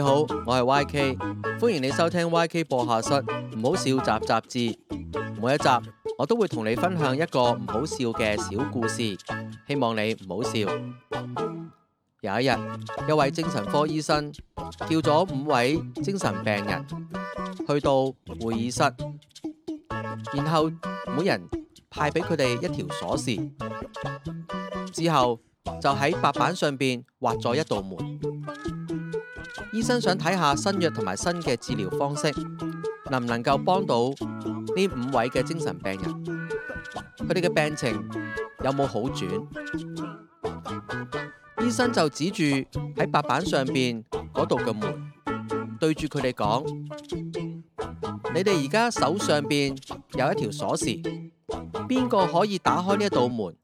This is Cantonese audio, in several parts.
你好，我係 YK，歡迎你收聽 YK 播客室，唔好笑雜雜誌，每一集我都會同你分享一個唔好笑嘅小故事，希望你唔好笑。有一日，一位精神科醫生叫咗五位精神病人去到會議室，然後每人派俾佢哋一條鎖匙，之後就喺白板上邊畫咗一道門。醫生想睇下新藥同埋新嘅治療方式能唔能夠幫到呢五位嘅精神病人，佢哋嘅病情有冇好轉？醫生就指住喺白板上邊嗰度嘅門，對住佢哋講：你哋而家手上邊有一條鎖匙，邊個可以打開呢一道門，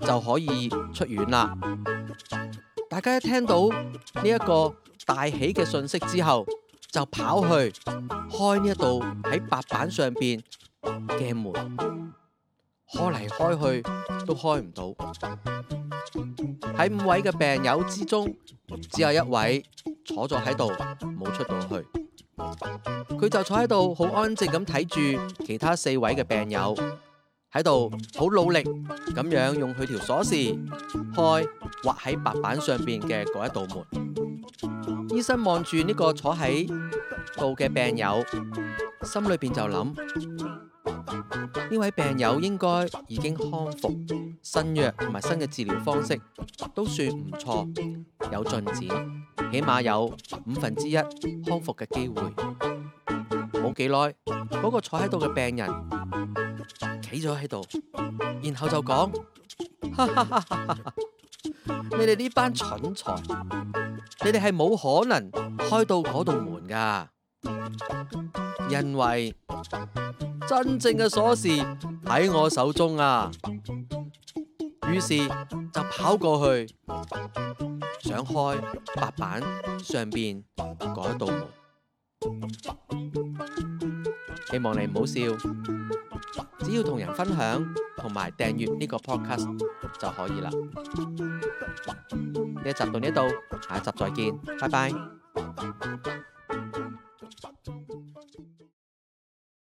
就可以出院啦。大家一聽到呢一個。大喜嘅信息之後，就跑去開呢一道喺白板上邊嘅門，開嚟開去都開唔到。喺五位嘅病友之中，只有一位坐咗喺度冇出到去，佢就坐喺度好安靜咁睇住其他四位嘅病友喺度好努力咁樣用佢條鎖匙開畫喺白板上邊嘅嗰一道門。醫生望住呢個坐喺度嘅病友，心裏邊就諗：呢位病友應該已經康復，新藥同埋新嘅治療方式都算唔錯，有進展，起碼有五分之一康復嘅機會。冇幾耐，嗰個坐喺度嘅病人企咗喺度，然後就講：哈哈哈哈，你哋呢班蠢材！你哋係冇可能開到嗰道門㗎，因為真正嘅鎖匙喺我手中啊！於是就跑過去想開白板上邊嗰一道門，希望你唔好笑，只要同人分享同埋訂閱呢個 podcast。就可以啦。呢一集到呢度，下一集再見，拜拜。